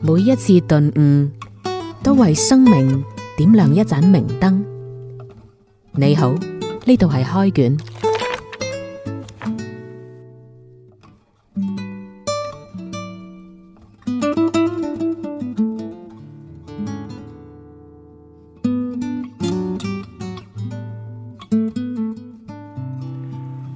每一次頓悟，都為生命點亮一盞明燈。你好，呢度係開卷。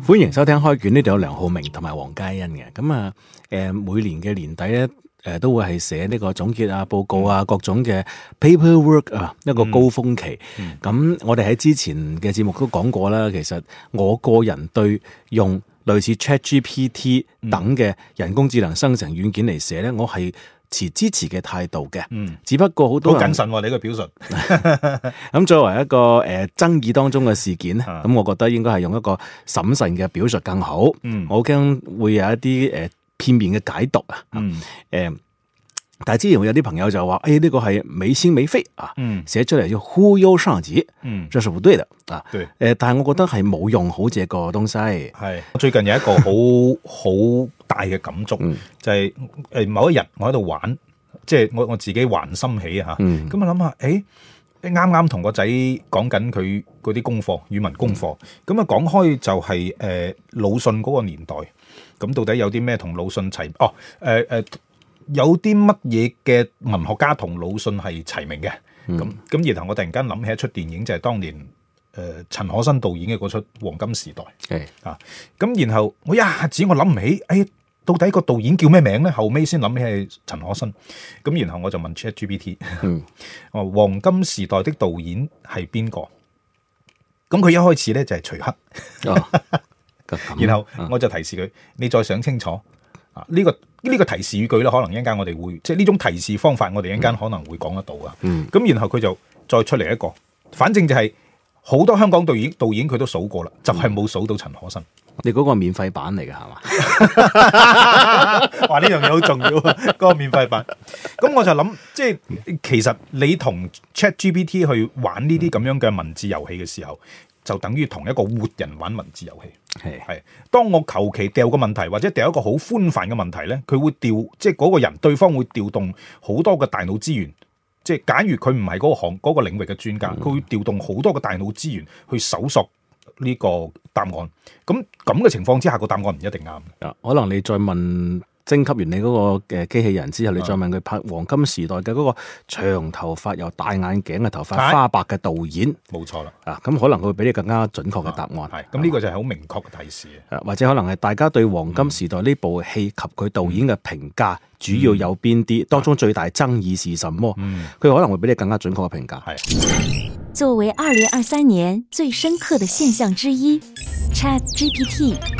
歡迎收聽開卷，呢度有梁浩明同埋黃嘉欣嘅。咁啊，誒，每年嘅年底呢。誒、呃，都會係寫呢個總結啊、報告啊、嗯、各種嘅 paperwork 啊，一個高峰期。咁、嗯嗯、我哋喺之前嘅節目都講過啦。其實我個人對用類似 ChatGPT 等嘅人工智能生成軟件嚟寫咧，嗯、我係持支持嘅態度嘅。嗯，只不過好多好謹慎、啊、你個表述。咁 作為一個誒、呃、爭議當中嘅事件咁、嗯、我覺得應該係用一個審慎嘅表述更好。嗯，我驚會有一啲誒。呃片面嘅解讀啊，嗯、但係之前有啲朋友就話：，誒、哎、呢、這個係美聲美肺啊，寫出嚟要忽悠三子，就是冇對啦。啊，但係我覺得係冇用好這個東西。係，最近有一個好好 大嘅感觸，就係、是、某一日我喺度玩，即、就、係、是、我我自己還心起嚇，咁我諗下，誒啱啱同個仔講緊佢嗰啲功課，語文功課。咁啊講開就係誒魯迅嗰個年代，咁到底有啲咩同魯迅齊？哦誒誒，有啲乜嘢嘅文學家同魯迅係齊名嘅？咁咁，然後我突然間諗起一出電影，就係當年誒陳可辛導演嘅嗰出《黃金時代》。係啊，咁然後我一下子我諗唔起，哎。到底個導演叫咩名咧？後尾先諗起係陳可辛，咁然後我就問 ChatGPT，哦黃金時代的導演係邊個？咁佢一開始咧就係徐克，哦、 然後我就提示佢，啊、你再想清楚，啊、這、呢個呢、呢個提示語句咧，可能一陣間我哋會，即係呢種提示方法，我哋一陣間可能會講得到啊。咁、嗯、然後佢就再出嚟一個，反正就係、是。好多香港導演導演佢都數過啦，就係冇數到陳可辛。你嗰個免費版嚟㗎，係嘛？話呢樣嘢好重要，嗰 個免費版。咁我就諗，即係其實你同 Chat GPT 去玩呢啲咁樣嘅文字遊戲嘅時候，就等於同一個活人玩文字遊戲。係係的，的當我求其掉個問題，或者掉一個好寬泛嘅問題咧，佢會調，即係嗰個人對方會調動好多嘅大腦資源。即係假如佢唔係嗰個行個領域嘅專家，佢會調動好多嘅大腦資源去搜索呢個答案，咁咁嘅情況之下，個答案唔一定啱。嗱，可能你再問。升級完你嗰個嘅機器人之後，你再問佢拍《黃金時代》嘅嗰個長頭髮、又戴眼鏡嘅頭髮花白嘅導演，冇錯啦，啊，咁可能佢會俾你更加準確嘅答案。係，啊，咁呢個就係好明確嘅提示，或者可能係大家對《黃金時代》呢部戲及佢導演嘅評價主要有邊啲，嗯、當中最大爭議是什麼？佢、嗯、可能會俾你更加準確嘅評價。係的，作為二零二三年最深刻嘅現象之一，Chat GPT。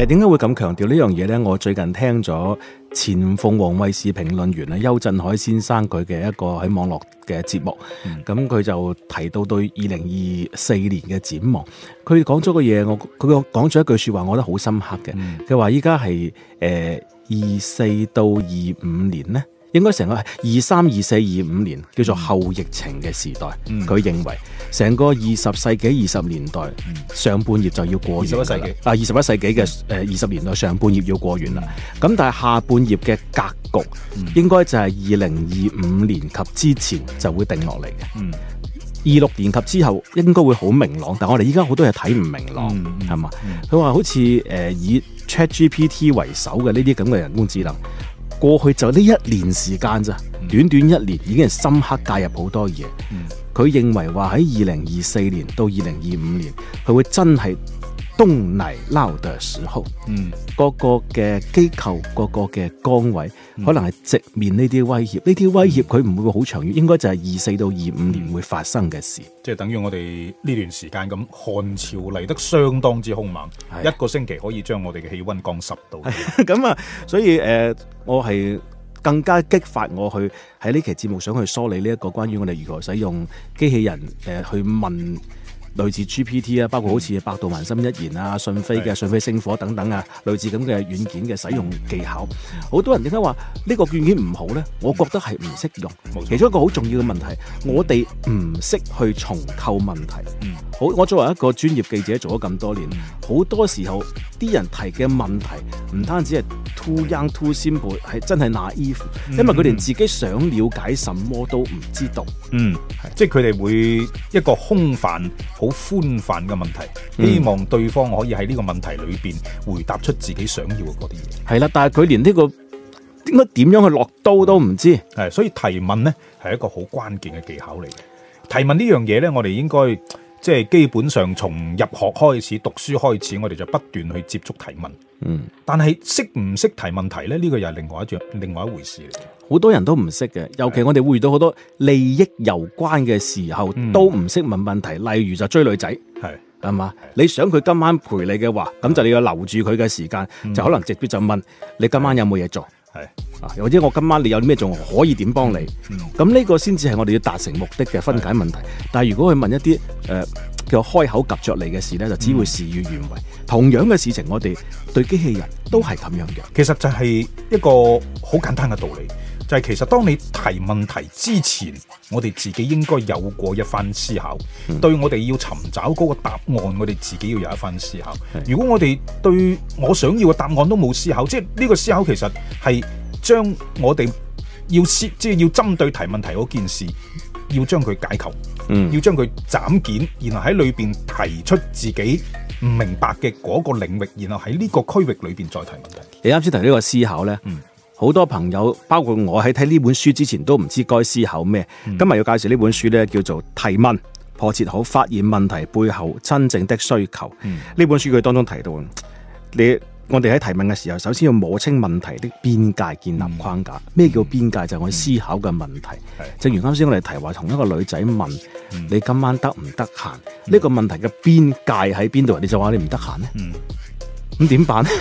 誒，點解會咁強調呢樣嘢呢？我最近聽咗前鳳凰衛視評論員啊，邱振海先生佢嘅一個喺網絡嘅節目，咁佢、嗯、就提到對二零二四年嘅展望，佢講咗個嘢，我佢個講咗一句說話，我覺得好深刻嘅。佢話依家係誒二四到二五年呢。」應該成個二三、二四、二五年叫做後疫情嘅時代。佢、嗯、認為成個二十世紀二十年代上半葉就要過完，二十世紀啊，二十一世紀嘅二十年代上半葉要過完啦。咁但係下半葉嘅格局、嗯、應該就係二零二五年及之前就會定落嚟嘅。二六、嗯、年及之後應該會好明朗，但我哋依家好多嘢睇唔明朗係嘛？佢話好似、呃、以 ChatGPT 為首嘅呢啲咁嘅人工智能。過去就呢一年時間咋，短短一年已經係深刻介入好多嘢。佢認為話喺二零二四年到二零二五年，佢會真係。東泥撈嘅時候，嗯，個個嘅機構，個個嘅崗位，嗯、可能係直面呢啲威脅。呢啲威脅佢唔會好長遠，嗯、應該就係二四到二五年會發生嘅事。即係等於我哋呢段時間咁，寒潮嚟得相當之兇猛，啊、一個星期可以將我哋嘅氣溫降十度。咁啊，啊，所以誒、呃，我係更加激發我去喺呢期節目，想去梳理呢、這、一個關於我哋如何使用機器人誒、呃、去問。類似 GPT 啊，包括好似百度文心一言啊、訊飛嘅訊飛星火等等啊，類似咁嘅軟件嘅使用技巧，好多人點解話呢個軟件唔好呢，我覺得係唔識用，其中一個好重要嘅問題，我哋唔識去重構問題。好，我作為一個專業記者做咗咁多年，好多時候啲人提嘅問題唔單止係 too young too simple，係真係 naive，因為佢連自己想了解什麼都唔知道。嗯，嗯是即係佢哋會一個空泛、好寬泛嘅問題，希望對方可以喺呢個問題裏邊回答出自己想要嘅嗰啲嘢。係啦，但係佢連呢、這個應該點樣去落刀都唔知道。係，所以提問呢係一個好關鍵嘅技巧嚟嘅。提問呢樣嘢呢，我哋應該。即係基本上從入學開始，讀書開始，我哋就不斷去接觸提問。嗯，但係識唔識提問題咧？呢個又係另外一另外一回事嚟嘅。好多人都唔識嘅，尤其我哋會遇到好多利益有關嘅時候，的都唔識問問題。例如就追女仔，係係嘛？你想佢今晚陪你嘅話，咁的就你要留住佢嘅時間，的就可能直接就問的你今晚有冇嘢做？係，啊，或者我今晚你有咩仲可以點幫你，咁呢、嗯、個先至係我哋要達成目的嘅分解問題。嗯、但係如果佢問一啲誒叫開口夾着你嘅事咧，就只會事與願違。嗯、同樣嘅事情，我哋對機器人都係咁樣嘅。其實就係一個好簡單嘅道理。就係其實，當你提問題之前，我哋自己應該有過一番思考。嗯、對我哋要尋找嗰個答案，我哋自己要有一番思考。的如果我哋對我想要嘅答案都冇思考，即係呢個思考其實係將我哋要思，即係要針對提問題嗰件事，要將佢解構，嗯、要將佢斬件，然後喺裏面提出自己唔明白嘅嗰個領域，然後喺呢個區域裏面再提問題。你啱先提呢個思考呢？嗯好多朋友，包括我喺睇呢本書之前都唔知該思考咩。嗯、今日要介紹呢本書呢，叫做提問，破切好發現問題背後真正的需求。呢、嗯、本書佢當中提到你我哋喺提問嘅時候，首先要摸清問題的邊界，建立框架。咩、嗯、叫邊界？就係、是、我哋思考嘅問題。嗯、正如啱先我哋提話，同一個女仔問、嗯、你今晚得唔得閒？呢、嗯、個問題嘅邊界喺邊度？你就話你唔得閒呢。嗯」咁點辦咧？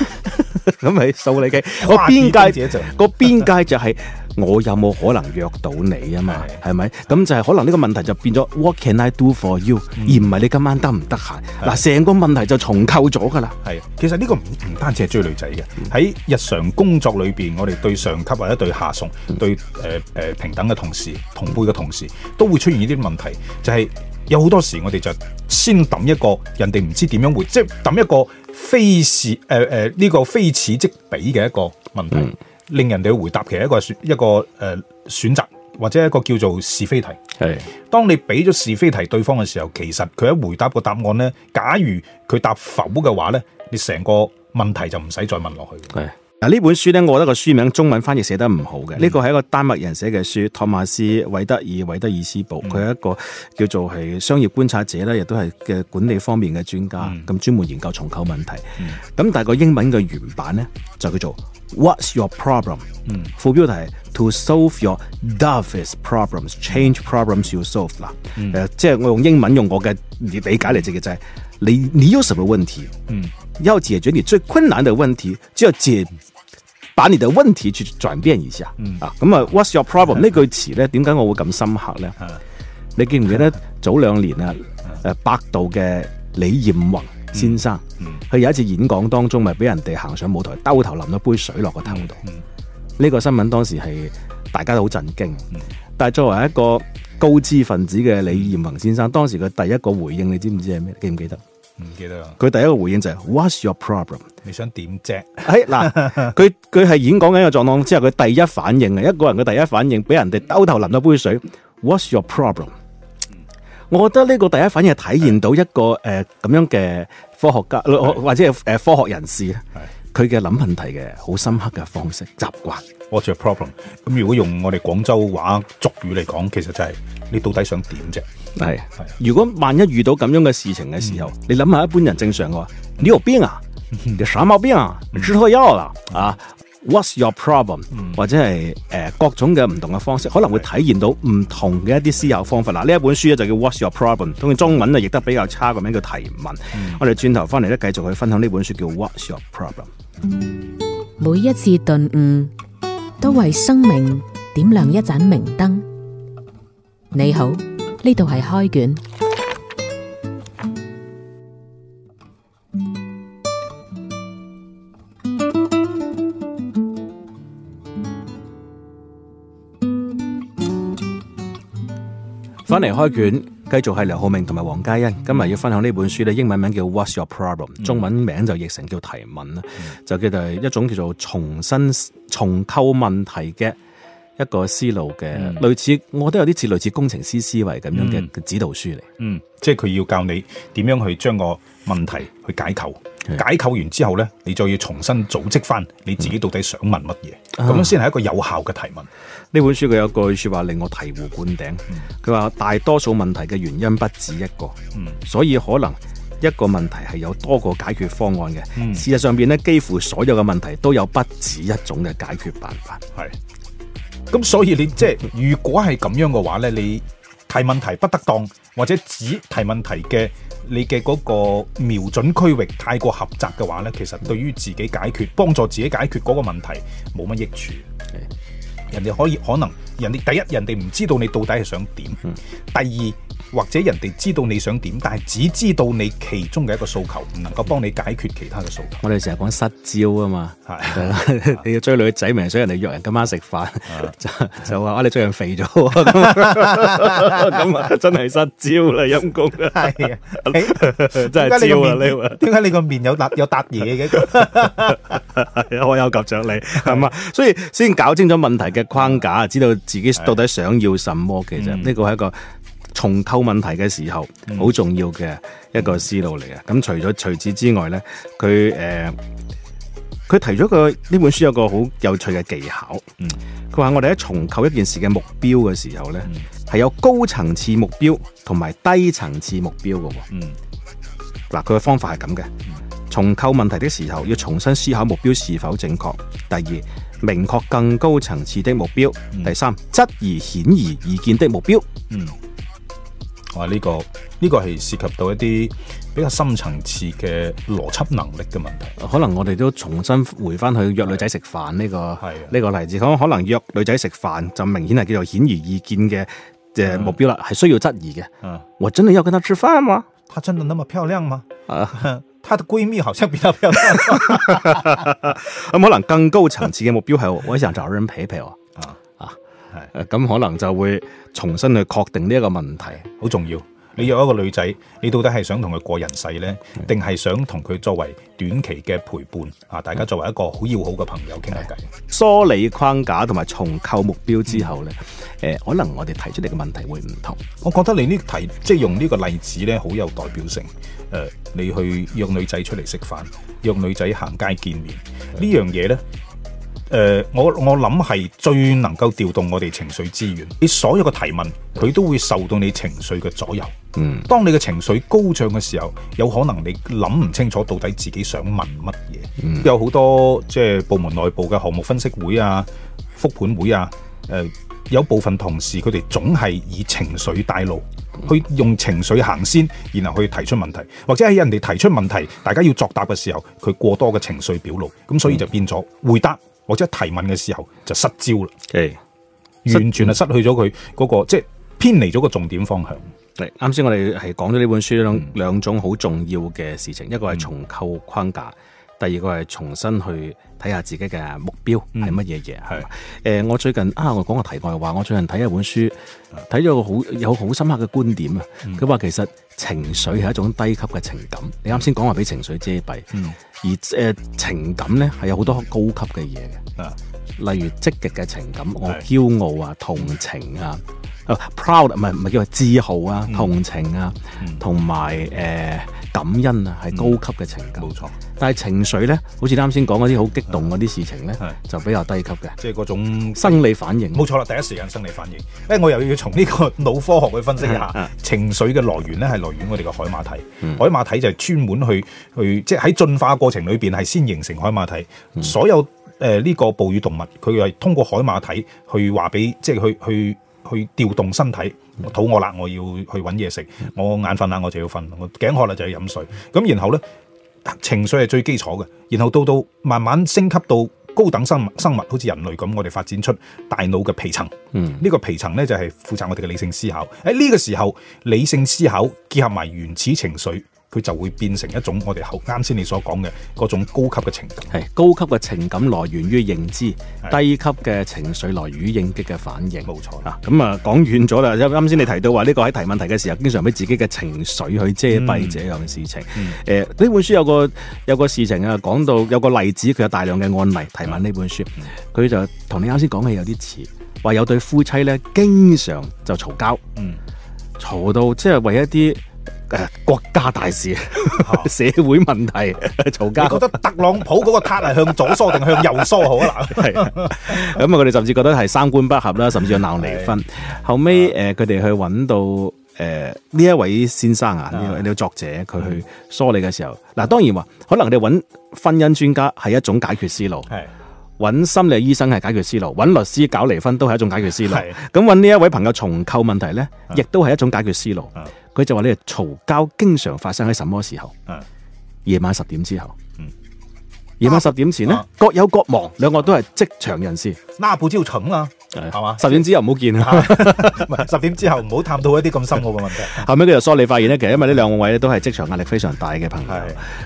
咁咪掃你嘅個邊界，個 邊界就係我有冇可能約到你啊？嘛，係咪咁就係可能呢個問題就變咗？What can I do for you？、嗯、而唔係你今晚得唔得閒嗱？成是的 個問題就重構咗噶啦。係其實呢個唔唔單止係追女仔嘅，喺日常工作裏面，我哋對上級或者對下屬、對、呃、平等嘅同事、同輩嘅同事都會出現呢啲問題，就係、是、有好多時我哋就先揼一個人哋唔知點樣會，即係揼一個。非是誒誒，呢、呃這個非此即彼嘅一個問題，嗯、令人哋去回答，其實一個選一個誒、呃、選擇，或者一個叫做是非題。係的，當你俾咗是非題對方嘅時候，其實佢一回答個答案咧，假如佢答否嘅話咧，你成個問題就唔使再問落去，係。嗱，呢本書咧，我覺得個書名中文翻譯寫得唔好嘅。呢個係一個丹麥人寫嘅書，托馬斯韋德爾韋德爾斯堡，佢係、嗯、一個叫做係商業觀察者啦，亦都係嘅管理方面嘅專家，咁、嗯、專門研究重構問題。咁、嗯、但係個英文嘅原版咧就叫做 What's your problem？、嗯、副標題 To solve your toughest problems, change problems you solve。啦、嗯、啊、即係我用英文用我嘅理解嚟寫嘅就係你你有什麼問題？嗯。要解決你最困難的問題，就要解，把你的問題去轉變一下。嗯、啊，咁啊，What's your problem？、嗯、這句詞呢句詞咧，點解我會咁深刻咧？嗯、你記唔記得早兩年、嗯嗯、啊？誒，百度嘅李彥宏先生，佢、嗯嗯、有一次演講當中，咪俾人哋行上舞台，兜頭淋咗杯水落個頭度。呢、嗯、個新聞當時係大家都好震驚。嗯、但係作為一個高知分子嘅李彥宏先生，嗯、當時佢第一個回應，你知唔知係咩？記唔記得？唔記得啦。佢第一個回應就係 What's your problem？你想點啫？係 嗱，佢佢係演講緊一個狀況之後，佢第一反應啊，一個人嘅第一反應俾人哋兜頭淋咗杯水。What's your problem？我覺得呢個第一反應係體現到一個誒咁是、呃、樣嘅科學家、呃、是或者係誒、呃、科學人士佢嘅諗問題嘅好深刻嘅方式習慣，what’s your problem？咁如果用我哋廣州話俗語嚟講，其實就係你到底想點啫？係係。如果萬一遇到咁樣嘅事情嘅時候，嗯、你諗下一般人正常嘅話，你有邊啊？你耍冇邊啊？知胎油啦啊！What's your problem？、嗯、或者係誒、呃、各種嘅唔同嘅方式，可能會體現到唔同嘅一啲思考方法。嗱、嗯，呢一本書咧就叫 What's your problem，中文啊譯得比較差個名叫提問。嗯、我哋轉頭翻嚟咧，繼續去分享呢本書叫 What's your problem。每一次頓悟，都為生命點亮一盞明燈。你好，呢度係開卷。翻嚟開卷，繼續係梁浩明同埋黃嘉欣，今日要分享呢本書咧，英文名叫 What's Your Problem，中文名就譯成叫提問啦，嗯、就叫做一種叫做重新重構問題嘅一個思路嘅，嗯、類似我都有啲似類似工程師思維咁樣嘅指導書嚟、嗯，嗯，即係佢要教你點樣去將個問題去解構。解構完之後呢，你就要重新組織翻你自己到底想問乜嘢，咁先係一個有效嘅提問。呢、啊、本書佢有句說話令我醍醐灌頂，佢話、嗯、大多數問題嘅原因不止一個，嗯、所以可能一個問題係有多個解決方案嘅。嗯、事實上邊呢，幾乎所有嘅問題都有不止一種嘅解決辦法。係，咁所以你即係如果係咁樣嘅話呢，你提問題不得當，或者只提問題嘅。你嘅嗰個瞄準區域太過狹窄嘅話呢，其實對於自己解決，幫助自己解決嗰個問題冇乜益處。人哋可以可能，人哋第一，人哋唔知道你到底係想點，第二。或者人哋知道你想點，但係只知道你其中嘅一個訴求，唔能夠幫你解決其他嘅訴求。我哋成日講失焦啊嘛，係，你要追女仔咪，想人哋約人今晚食飯，就話啊你最近肥咗，咁啊真係失焦啦，陰公係啊，真係焦啊你，點解你個面有笪有笪嘢嘅？我有及上你，係嘛？所以先搞清楚問題嘅框架，知道自己到底想要什麼，其實呢個係一個。重構問題嘅時候，好重要嘅一個思路嚟啊！咁除咗除此之外呢，佢誒，佢提咗個呢本書有個好有趣嘅技巧。嗯，佢話我哋喺重構一件事嘅目標嘅時候呢，係有高層次目標同埋低層次目標嘅。嗯，嗱，佢嘅方法係咁嘅。重構問題的時候要重新思考目標是否正確。第二，明確更高層次的目標。嗯、第三，質疑顯而易見的目標。嗯。話呢、這個呢、這個係涉及到一啲比較深層次嘅邏輯能力嘅問題，可能我哋都重新回翻去約女仔食飯呢個呢的個例子，可能約女仔食飯就明顯係叫做顯而易見嘅嘅目標啦，係、嗯、需要質疑嘅。嗯、我真係要跟她吃飯嗎？她真的那麼漂亮嗎？啊，她的閨蜜好像比較漂亮。咁 可能更高層次嘅目標係我，我想找人陪陪我。啊咁可能就會重新去確定呢一個問題，好重要。你約一個女仔，你到底係想同佢過人世呢？定係想同佢作為短期嘅陪伴？啊，大家作為一個好要好嘅朋友傾下偈。梳理框架同埋重構目標之後呢，誒的，可能我哋提出嚟嘅問題會唔同。我覺得你呢題即係用呢個例子呢，好有代表性。誒，你去約女仔出嚟食飯，約女仔行街見面呢的樣嘢呢。誒、呃，我我諗係最能夠調動我哋情緒資源。你所有嘅提問，佢都會受到你情緒嘅左右。嗯，當你嘅情緒高漲嘅時候，有可能你諗唔清楚到底自己想問乜嘢。嗯、有好多即係、就是、部門內部嘅項目分析會啊、復盤會啊。誒、呃，有部分同事佢哋總係以情緒帶路，去用情緒行先，然後去提出問題，或者喺人哋提出問題，大家要作答嘅時候，佢過多嘅情緒表露，咁所以就變咗回答。嗯或者一提問嘅時候就失焦啦，係完全係失去咗佢嗰個，即、就、係、是、偏離咗個重點方向。啱先我哋係講咗呢本書兩兩、嗯、種好重要嘅事情，嗯、一個係重構框架，第二個係重新去睇下自己嘅目標係乜嘢嘢。係誒，我最近啊，才我講個題外話，我最近睇一本書，睇咗個好有好深刻嘅觀點啊。佢話、嗯、其實情緒係一種低級嘅情感，嗯、你啱先講話俾情緒遮蔽。嗯而誒、呃、情感咧係有好多高級嘅嘢嘅，啊，例如積極嘅情感，我驕傲啊，同情啊。proud 唔係唔係叫自豪啊，同情啊，同埋誒感恩啊，係高級嘅情感。冇、嗯、錯，但係情緒咧，好似啱先講嗰啲好激動嗰啲事情咧，嗯、就比較低級嘅。即係嗰種生理反應。冇錯啦，第一時間生理反應。誒，我又要從呢個腦科學去分析一下、嗯嗯、情緒嘅來源咧，係來源我哋嘅海馬體。嗯、海馬體就係專門去去，即係喺進化過程裏邊係先形成海馬體。嗯、所有誒呢、呃呢個哺乳動物，佢係通過海馬體去話俾即係去去。去去調動身體，我肚餓啦，我要去揾嘢食；我眼瞓啦，我就要瞓；我頸渴啦，就要飲水。咁然後呢，情緒係最基礎嘅。然後到到慢慢升級到高等生物，生物好似人類咁，我哋發展出大腦嘅皮層。嗯，呢個皮層呢，就係負責我哋嘅理性思考。喺呢個時候，理性思考結合埋原始情緒。佢就會變成一種我哋啱先你所講嘅嗰種高級嘅情感。係，高級嘅情感來源於認知，是低級嘅情緒來源於應激嘅反應。冇錯錯。嗱、啊，咁啊講遠咗啦，啱先你提到話呢個喺提問題嘅時候，經常俾自己嘅情緒去遮蔽，這樣嘅事情。誒、嗯、呢、嗯呃、本書有個有個事情啊，講到有個例子，佢有大量嘅案例提問，呢本書。佢、嗯、就同你啱先講嘅有啲似，話有對夫妻呢，經常就嘈交，嘈、嗯、到即係為一啲。國家大事、社會問題、嘈交，覺得特朗普嗰個卡係向左梳定向右梳好啊？咁啊！佢哋甚至覺得係三觀不合啦，甚至要鬧離婚。後尾誒，佢哋去揾到誒呢一位先生啊，呢位作者，佢去梳理嘅時候，嗱，當然話可能你揾婚姻專家係一種解決思路，係揾心理醫生係解決思路，揾律師搞離婚都係一種解決思路，咁揾呢一位朋友重構問題咧，亦都係一種解決思路。佢就話你嘈交經常發生喺什麼時候？嗯夜、uh, 晚十點之後。嗯夜晚十點前呢、uh, 各有各忙，兩個都係職場人士。啊、那不就成啦？係嘛？十點之後唔好見啦。十點之後唔好探到一啲咁深奧嘅問題。後尾佢又梳理發現呢，其實因為呢兩位咧都係職場壓力非常大嘅朋友。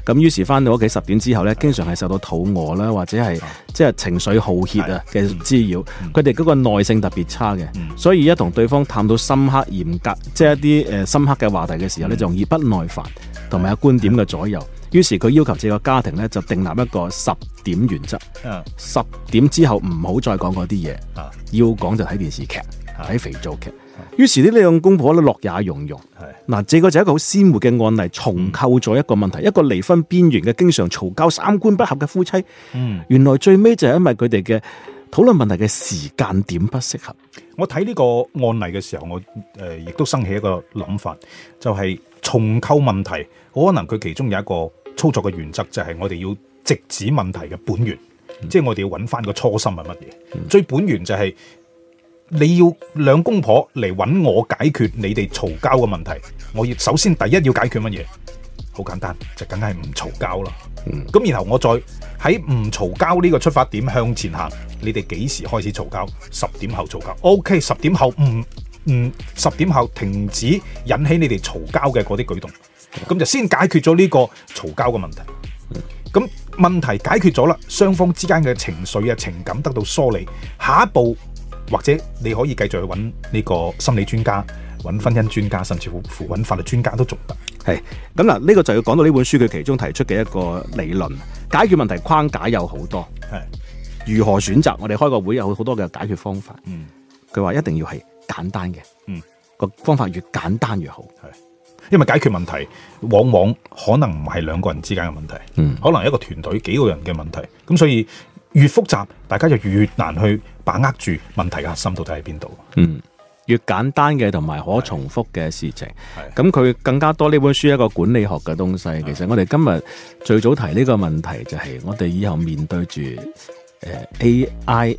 咁於是翻到屋企十點之後呢，經常係受到肚餓啦，或者係即係情緒耗竭啊嘅滋擾。佢哋嗰個耐性特別差嘅，所以一同對方探到深刻、嚴格，即係一啲誒深刻嘅話題嘅時候咧，就容易不耐煩，同埋有觀點嘅左右。於是佢要求自己個家庭咧就訂立一個十點原則，啊、十點之後唔好再講嗰啲嘢，啊、要講就睇電視劇，睇、啊、肥皂劇。於、啊、是呢呢兩公婆咧樂也融融。嗱是、啊，這個就係一個好鮮活嘅案例，重構咗一個問題，嗯、一個離婚邊緣嘅經常嘈交、三觀不合嘅夫妻。嗯、原來最尾就係因為佢哋嘅討論問題嘅時間點不適合。我睇呢個案例嘅時候，我誒、呃、亦都生起一個諗法，就係、是、重構問題，可能佢其中有一個。操作嘅原則就係我哋要直指問題嘅本源，嗯、即係我哋要揾翻個初心係乜嘢？嗯、最本源就係、是、你要兩公婆嚟揾我解決你哋嘈交嘅問題。我要首先第一要解決乜嘢？好簡單，就梗係唔嘈交啦。咁、嗯、然後我再喺唔嘈交呢個出發點向前行。你哋幾時開始嘈交？十點後嘈交。OK，十點後唔唔十點後停止引起你哋嘈交嘅嗰啲舉動。咁就先解決咗呢個嘈交嘅問題。咁問題解決咗啦，雙方之間嘅情緒啊、情感得到梳理，下一步或者你可以繼續去揾呢個心理專家、揾婚姻專家，甚至乎揾法律專家都仲得。係咁嗱，呢個就要講到呢本書嘅其中提出嘅一個理論，解決問題框架有好多。係是如何選擇？我哋開個會有好多嘅解決方法。嗯，佢話一定要係簡單嘅。嗯，個方法越簡單越好。係。因為解決問題往往可能唔係兩個人之間嘅問題，嗯、可能係一個團隊幾個人嘅問題，咁所以越複雜，大家就越難去把握住問題嘅核心到底喺邊度。嗯，越簡單嘅同埋可重複嘅事情，咁佢更加多呢本書一個管理學嘅東西。其實我哋今日最早提呢個問題就係我哋以後面對住。AI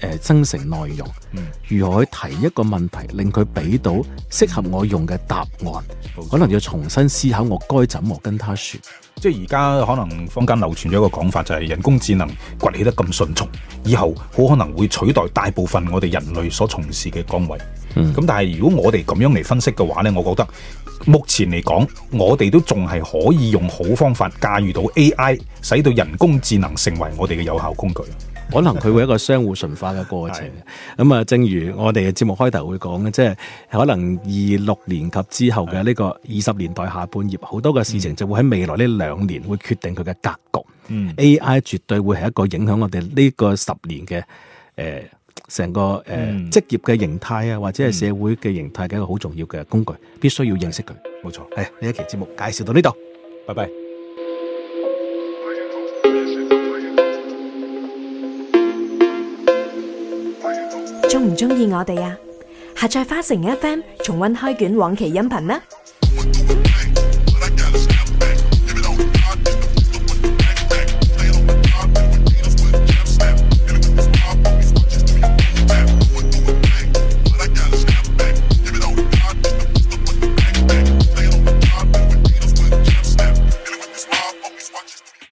嗯、生成內容，嗯、如何去提一個問題，令佢俾到適合我用嘅答案？嗯、可能要重新思考我該怎麼跟他說。即係而家可能坊間流傳咗一個講法，就係人工智能崛起得咁順從，以後好可能會取代大部分我哋人類所從事嘅崗位。咁、嗯、但係如果我哋咁樣嚟分析嘅話呢，我覺得。目前嚟講，我哋都仲係可以用好方法駕馭到 AI，使到人工智能成為我哋嘅有效工具。可能佢會係一個相互馴化嘅過程。咁啊，正如我哋嘅節目開頭會講嘅，即係可能二六年及之後嘅呢個二十年代下半葉，好多嘅事情就會喺未來呢兩年會決定佢嘅格局。嗯 ，AI 絕對會係一個影響我哋呢個十年嘅誒。呃成個誒職、呃、業嘅形態啊，或者係社會嘅形態嘅一個好重要嘅工具，嗯、必須要認識佢。冇錯對，係呢錯一期節目介紹到呢度，拜拜。鍾唔鍾意我哋啊？下載花城 FM 重溫開卷往期音頻啦！